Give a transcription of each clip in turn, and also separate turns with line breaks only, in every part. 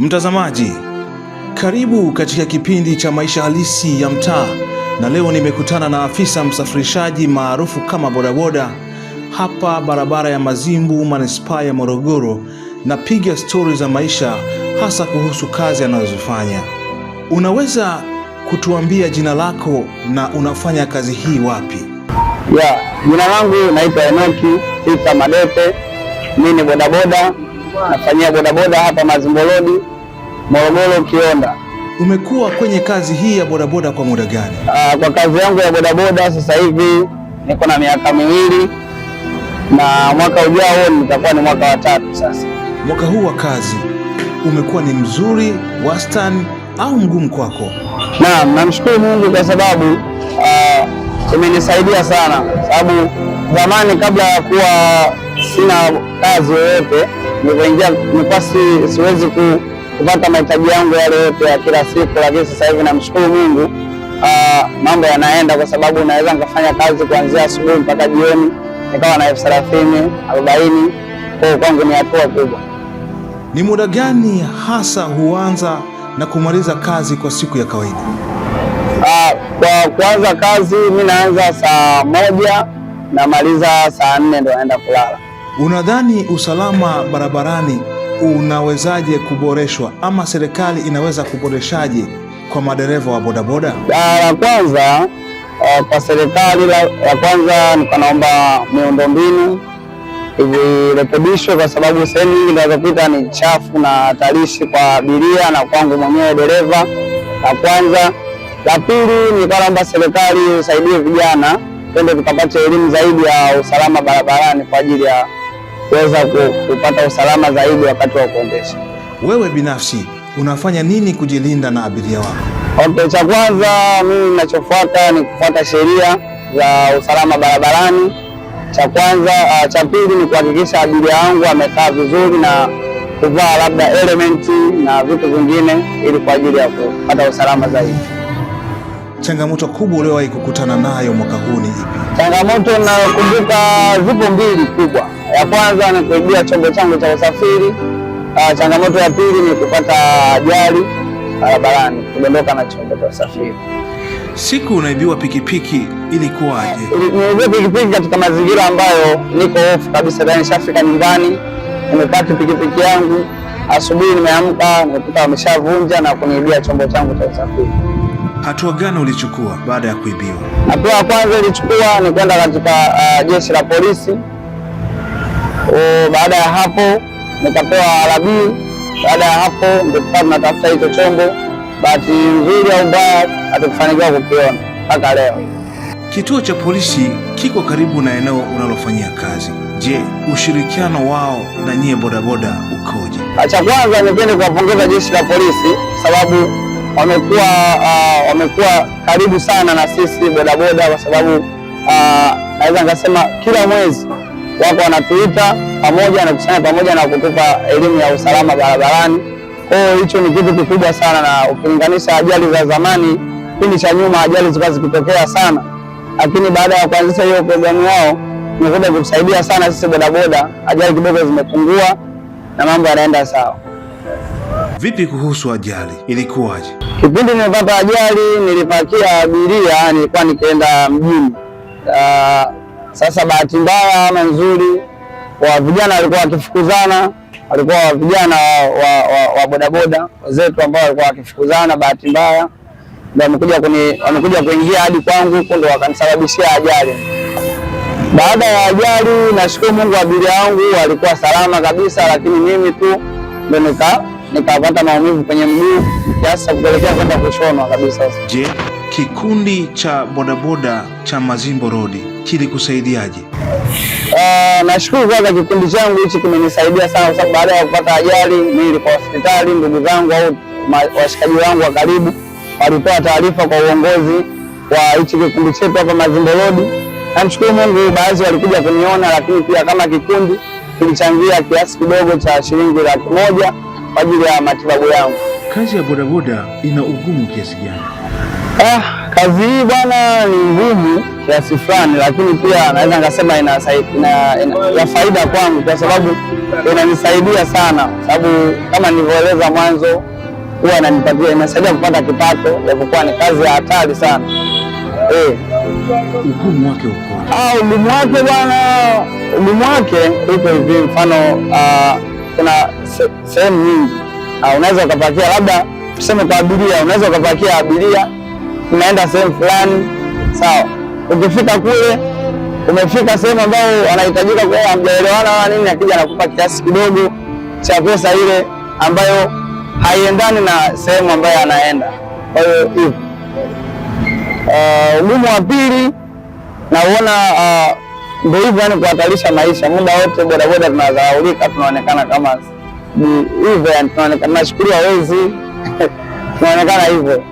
Mtazamaji, karibu katika kipindi cha maisha halisi ya mtaa, na leo nimekutana na afisa msafirishaji maarufu kama bodaboda hapa barabara ya Mazimbu, manispaa ya Morogoro. Napiga stori za maisha, hasa kuhusu kazi anazofanya. Unaweza kutuambia jina lako na unafanya kazi hii wapi?
Ya, jina langu naitwa Enoki Isa Madete, mimi ni bodaboda nafanyia bodaboda hapa Mazimbo Morogoro Kionda.
Umekuwa kwenye kazi hii ya bodaboda kwa muda gani?
Aa, ah, kwa kazi yangu ya bodaboda sasa hivi niko na miaka miwili na mwaka ujao nitakuwa ni mwaka wa tatu sasa.
Mwaka huu wa kazi umekuwa ni mzuri, wastani au mgumu kwako?
Naam, namshukuru Mungu kwa sababu uh, imenisaidia sana, sababu zamani kabla ya kuwa sina kazi yoyote nikaingia nilikuwa siwezi kupata mahitaji yangu yale yote ya kila siku, lakini sasa hivi namshukuru Mungu ah, mambo yanaenda, kwa sababu naweza nikafanya kazi kuanzia asubuhi mpaka jioni nikawa na elfu thelathini arobaini. Kwa kwangu ni hatua kubwa.
Ni muda gani hasa huanza na kumaliza kazi kwa siku ya kawaida?
Aa, ah, kwa kuanza kazi mi naanza saa moja namaliza saa nne ndo naenda kulala.
Unadhani usalama barabarani unawezaje kuboreshwa ama serikali inaweza kuboreshaje kwa madereva wa bodaboda?
La kwanza eh, kwa serikali, la kwanza nikanaomba miundombinu ivirekebishwe kwa sababu sehemu nyingi zinazopita ni chafu na hatarishi kwa abiria na kwangu mwenyewe dereva. La kwanza. La pili, nikaomba serikali usaidie vijana, twende tukapate elimu zaidi ya usalama barabarani kwa ajili ya kuweza kupata usalama zaidi wakati wa kuendesha.
Wewe binafsi unafanya nini kujilinda na abiria wako?
Okay, cha kwanza mimi ninachofuata ni kufuata sheria za usalama barabarani. Cha kwanza uh, cha pili ni kuhakikisha abiria wangu amekaa vizuri na kuvaa labda elementi na vitu vingine ili kwa ajili ya kupata usalama zaidi.
Changamoto kubwa uliowahi kukutana nayo mwaka huu ni ipi?
Changamoto nayokumbuka zipo mbili kubwa ya kwanza ni kuibia chombo changu cha usafiri. Uh, changamoto ya pili ni kupata ajali barabarani, uh, kudondoka na chombo cha usafiri.
Siku unaibiwa pikipiki ilikuwaje?
Niliibiwa pikipiki katika mazingira ambayo niko hofu kabisa, yani nishafika nyumbani, nimepaki pikipiki yangu, asubuhi nimeamka nimekuta wameshavunja na kuniibia chombo changu cha usafiri.
Hatua gani ulichukua baada ya kuibiwa?
Hatua ya kwanza ilichukua ni kwenda katika uh, jeshi la polisi baada ya hapo nikapewa arabii. Baada ya hapo ndio tukawa tunatafuta hicho chombo, bahati nzuri au mbaya hatukufanikiwa kukiona mpaka leo.
Kituo cha polisi kiko karibu na eneo unalofanyia kazi. Je, ushirikiano wao na nyie bodaboda ukoje?
Cha kwanza nipende kuwapongeza jeshi la polisi sababu wamekuwa uh, wamekuwa karibu sana na sisi bodaboda, kwa sababu uh, naweza nikasema kila mwezi wako wanatuita pamoja na kusanya pamoja na kutupa elimu ya usalama barabarani. Kwa hiyo hicho ni kitu kikubwa sana, na ukilinganisha ajali za zamani, kipindi cha nyuma ajali zilikuwa zikitokea sana, lakini baada ya kuanzisha hiyo programu yao imekuja kutusaidia sana sisi bodaboda, ajali kidogo zimepungua na mambo yanaenda sawa.
Vipi kuhusu ajali, ilikuwaje?
Kipindi nimepata ajali nilipakia abiria, nilikuwa nikienda mjini uh, sasa bahati mbaya ama nzuri, wa vijana walikuwa wakifukuzana, walikuwa vijana wa, wa, wa bodaboda wenzetu ambao walikuwa wakifukuzana, bahati mbaya ndio wamekuja kuni wamekuja kuingia hadi kwangu huko, ndio wakanisababishia ajali. Baada ya ajali, nashukuru Mungu, abiria wangu walikuwa salama kabisa, lakini mimi tu ndio nika nikapata maumivu kwenye mguu kiasi cha kupelekea kwenda kushonwa kabisa.
Je, Kikundi cha bodaboda cha Mazimbo Road kilikusaidiaje?
Uh, nashukuru kwanza, kikundi changu hichi kimenisaidia sana, kwa sababu baada ya kupata ajali mimi nilikuwa hospitali, ndugu zangu au washikaji wangu wa karibu walitoa taarifa kwa uongozi wa hichi kikundi chetu hapa Mazimbo Road. Namshukuru Mungu, baadhi walikuja kuniona, lakini pia kama kikundi kilichangia kiasi kidogo cha shilingi laki moja kwa ajili ya matibabu yangu.
Kazi ya bodaboda ina ugumu kiasi gani?
Ah, kazi hii bwana ni ngumu kiasi fulani, lakini pia naweza nikasema ina, ina, ina, ina faida kwangu kwa sababu inanisaidia sana, sababu kama nilivyoeleza mwanzo, huwa inanipatia inasaidia kupata kipato, japokuwa ni kazi ya hatari sana eh.
Ugumu wake uko
ah, ugumu wake bwana, ugumu wake uko hivi, mfano ah, kuna sehemu nyingi ah, unaweza ukapakia labda tuseme kwa abiria, unaweza ukapakia abiria tunaenda sehemu fulani, sawa. Ukifika kule, umefika sehemu ambayo wanahitajika kuwa hamjaelewana wala nini, akija anakupa kiasi kidogo cha pesa ile ambayo haiendani na sehemu ambayo anaenda. Kwa hiyo hivyo uh, ugumu uh, wa pili nauona uh, ndio uh, hivyo, yani kuhatarisha maisha muda wote. Bodaboda tunadhaulika, tunaonekana kama hivyo, yani tunaonekana, nashukuru hawezi tunaonekana hivyo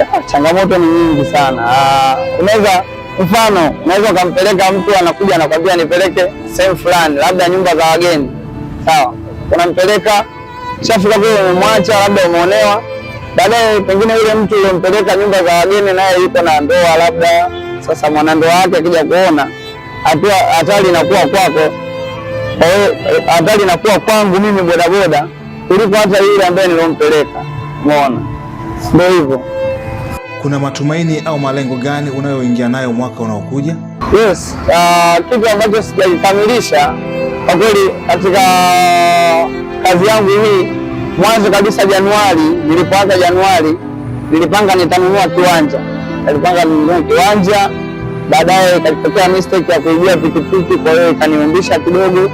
Ah, changamoto ni nyingi sana. Ah, unaweza mfano, unaweza ukampeleka mtu anakuja anakwambia nipeleke sehemu fulani, labda nyumba za wageni, sawa. Unampeleka, ushafika kule, umemwacha labda umeonewa, baadaye pengine yule mtu uliompeleka nyumba za wageni naye yuko na ndoa labda. Sasa mwanandoa wake akija kuona, hatari inakuwa kwako, hatari inakuwa kwangu mimi bodaboda kuliko hata yule ambaye nilompeleka. Umeona, ndio hivyo
kuna matumaini au malengo gani unayoingia nayo mwaka unaokuja?
Yes, uh, kitu ambacho sijakikamilisha kwa kweli katika kazi yangu hii, mwanzo kabisa Januari, nilipoanza Januari nilipanga nitanunua kiwanja, nilipanga ninunua kiwanja, baadaye ikatokea mistake ya kuibia pikipiki, kwa hiyo ikaniumbisha kidogo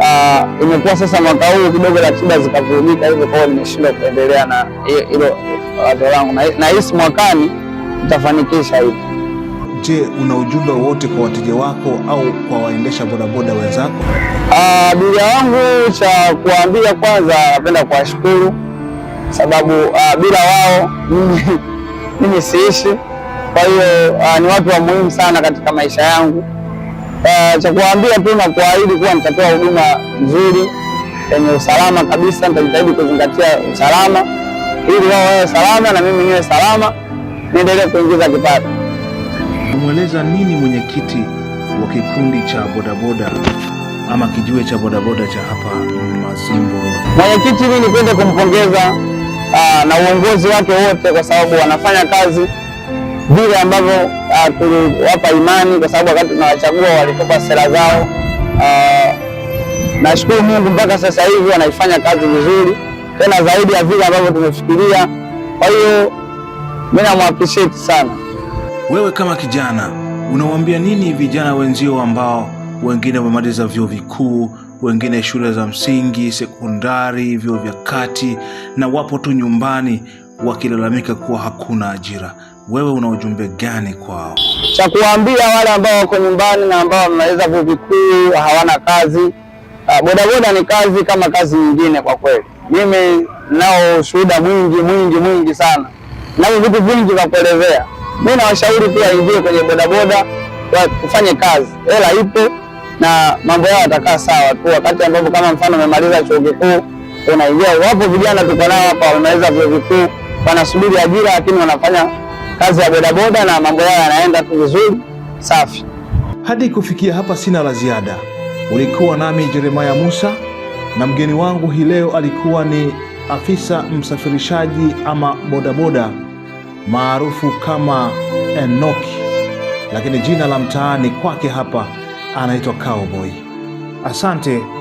uh, imekuwa sasa mwaka huu kidogo ratiba zikavurugika hivyo, kwa hiyo nimeshindwa kuendelea na hilo wazo langu, na hisi mwakani nitafanikisha hivi.
Je, una ujumbe wowote kwa wateja wako au kwa waendesha bodaboda wenzako?
Ah, abiria uh, wangu cha kuwaambia, kwanza napenda kuwashukuru sababu uh, bila wao mimi siishi. Kwa hiyo uh, ni watu wa muhimu sana katika maisha yangu. Eh, cha kuambia tu na kuahidi kuwa nitatoa huduma nzuri yenye usalama kabisa. Nitajitahidi kuzingatia usalama ili wao wawe salama na mimi niwe salama, niendelee kuingiza kipato.
Kumweleza nini mwenyekiti wa kikundi cha bodaboda ama kijiwe cha bodaboda cha hapa mazimbo
Mwenyekiti, mimi nipende kumpongeza ah, na uongozi wake wote, kwa sababu wanafanya kazi vile ambavyo tuliwapa eh, imani, kwa sababu wakati tunawachagua walitupa sera zao. Eh, nashukuru Mungu mpaka sasa hivi wanaifanya kazi vizuri, tena zaidi ya vile ambavyo tumefikiria. Kwa hiyo mimi namwapreciate sana.
Wewe kama kijana unawaambia nini vijana wenzio ambao wengine wamemaliza vyuo vikuu, wengine shule za msingi, sekondari, vyuo vya kati na wapo tu nyumbani wakilalamika kuwa hakuna ajira? wewe una ujumbe gani kwao?
Cha kuwaambia wale ambao wako nyumbani na ambao wamemaliza vyuo vikuu hawana kazi. Ah, bodaboda ni kazi kama kazi nyingine kwa kweli. Mimi nao ushuhuda mwingi mwingi mwingi sana, nao vitu vingi vya kuelezea. Mimi nawashauri pia ingie kwenye bodaboda kufanye kazi, hela ipo na mambo yao yatakaa sawa tu, wakati ambapo kama mfano umemaliza chuo kikuu unaingia. Wapo vijana tuko nao hapa wamemaliza vyuo vikuu wanasubiri ajira, lakini wanafanya kazi ya bodaboda na mambo yao yanaenda tu vizuri safi.
Hadi kufikia hapa sina la ziada. Ulikuwa nami Jeremaya Musa na mgeni wangu hii leo alikuwa ni afisa msafirishaji ama bodaboda maarufu kama Enoki, lakini jina la mtaani kwake hapa anaitwa Cowboy. Asante.